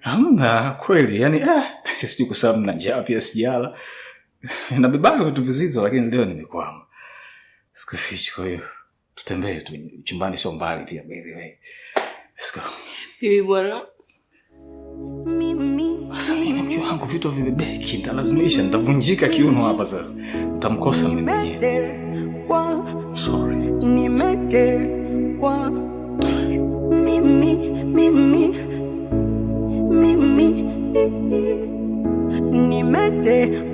hamna kweli yani eh, sijui kwa sababu na njaa pia sijala nabebaga vitu vizito lakini leo nimekwama sikufichi kwa hiyo tutembee tu chumbani sio mbali pia by the way let's go bibi bora. mimi sasa mimi mke wangu vitu vimebeki nitalazimisha nitavunjika kiuno hapa sasa Nitamkosa mimi mwenyewe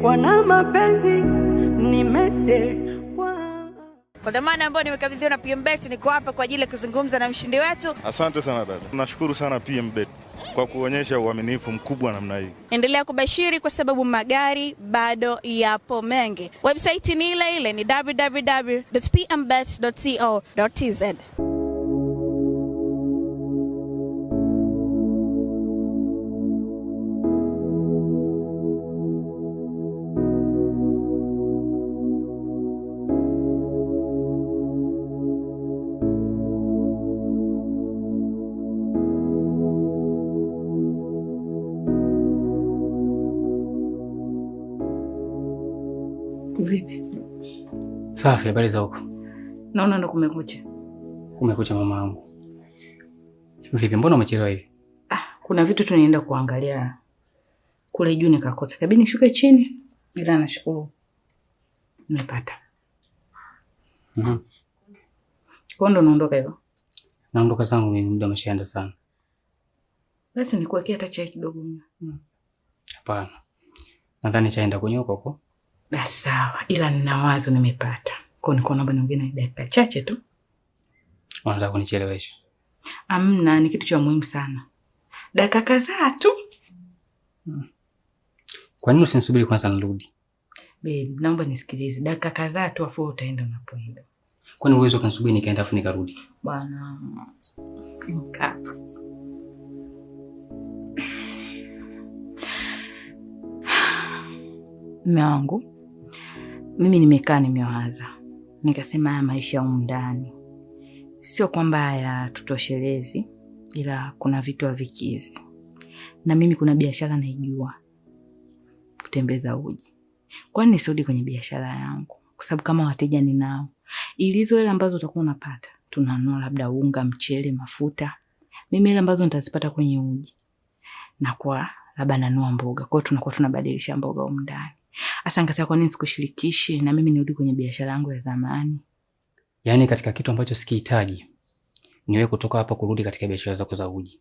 kwa na mapenzi, nimetekwa. Kwa dhamana ambayo nimekabidhiwa na PMBet, niko hapa kwa ajili ya kuzungumza na mshindi wetu. Asante sana dada, nashukuru sana PMBet kwa kuonyesha uaminifu mkubwa namna hii. Endelea kubashiri kwa sababu magari bado yapo mengi. Website ni ile ile, ni www.pmbet.co.tz. Vipi? Safi, habari za huko? Naona ndo kumekucha. Kumekucha mama yangu. Vipi, mbona umechelewa hivi? Ah, kuna vitu tu nienda kuangalia kule juu nikakosa. Kabidi nishuke chini ila nashukuru nimepata. Mhm. Mm kwa ndo naondoka hivyo. Naondoka zangu mimi, muda umeshaenda sana. Basi nikuwekea hata chai kidogo. Hmm. Hapana. Mm. Nadhani chaenda kunywa huko huko basawa sawa, ila nina wazo nimepata, kwa nilikuwa naomba niongee na dakika chache tu. Unataka kunichelewesha? Amna, ni kitu cha muhimu sana, dakika kadhaa tu. Hmm. Kwa nini usinisubiri kwanza nirudi? Babe, naomba nisikilize dakika kadhaa tu, afu utaenda unapoenda. Kwani uwezo kanisubiri nikaenda afu nikarudi? Bwana nika mume wangu mimi nimekaa nimewaza, nikasema haya maisha ya ndani sio kwamba hayatutoshelezi, ila kuna vitu havikizi, na mimi kuna biashara naijua, kutembeza uji. Kwani nisirudi kwenye biashara yangu? Kwa sababu kama wateja ninao, ilizo hela ambazo utakuwa unapata, tunanua labda unga, mchele, mafuta. Mimi hela ambazo nitazipata kwenye uji, kwa labda nanua mboga kwao, tunakuwa tunabadilisha mboga umndani Hasa nikasema kwa nini sikushirikishi na mimi nirudi kwenye biashara yangu ya zamani? Yaani katika kitu ambacho sikihitaji niwe kutoka hapa kurudi katika biashara zako za uji.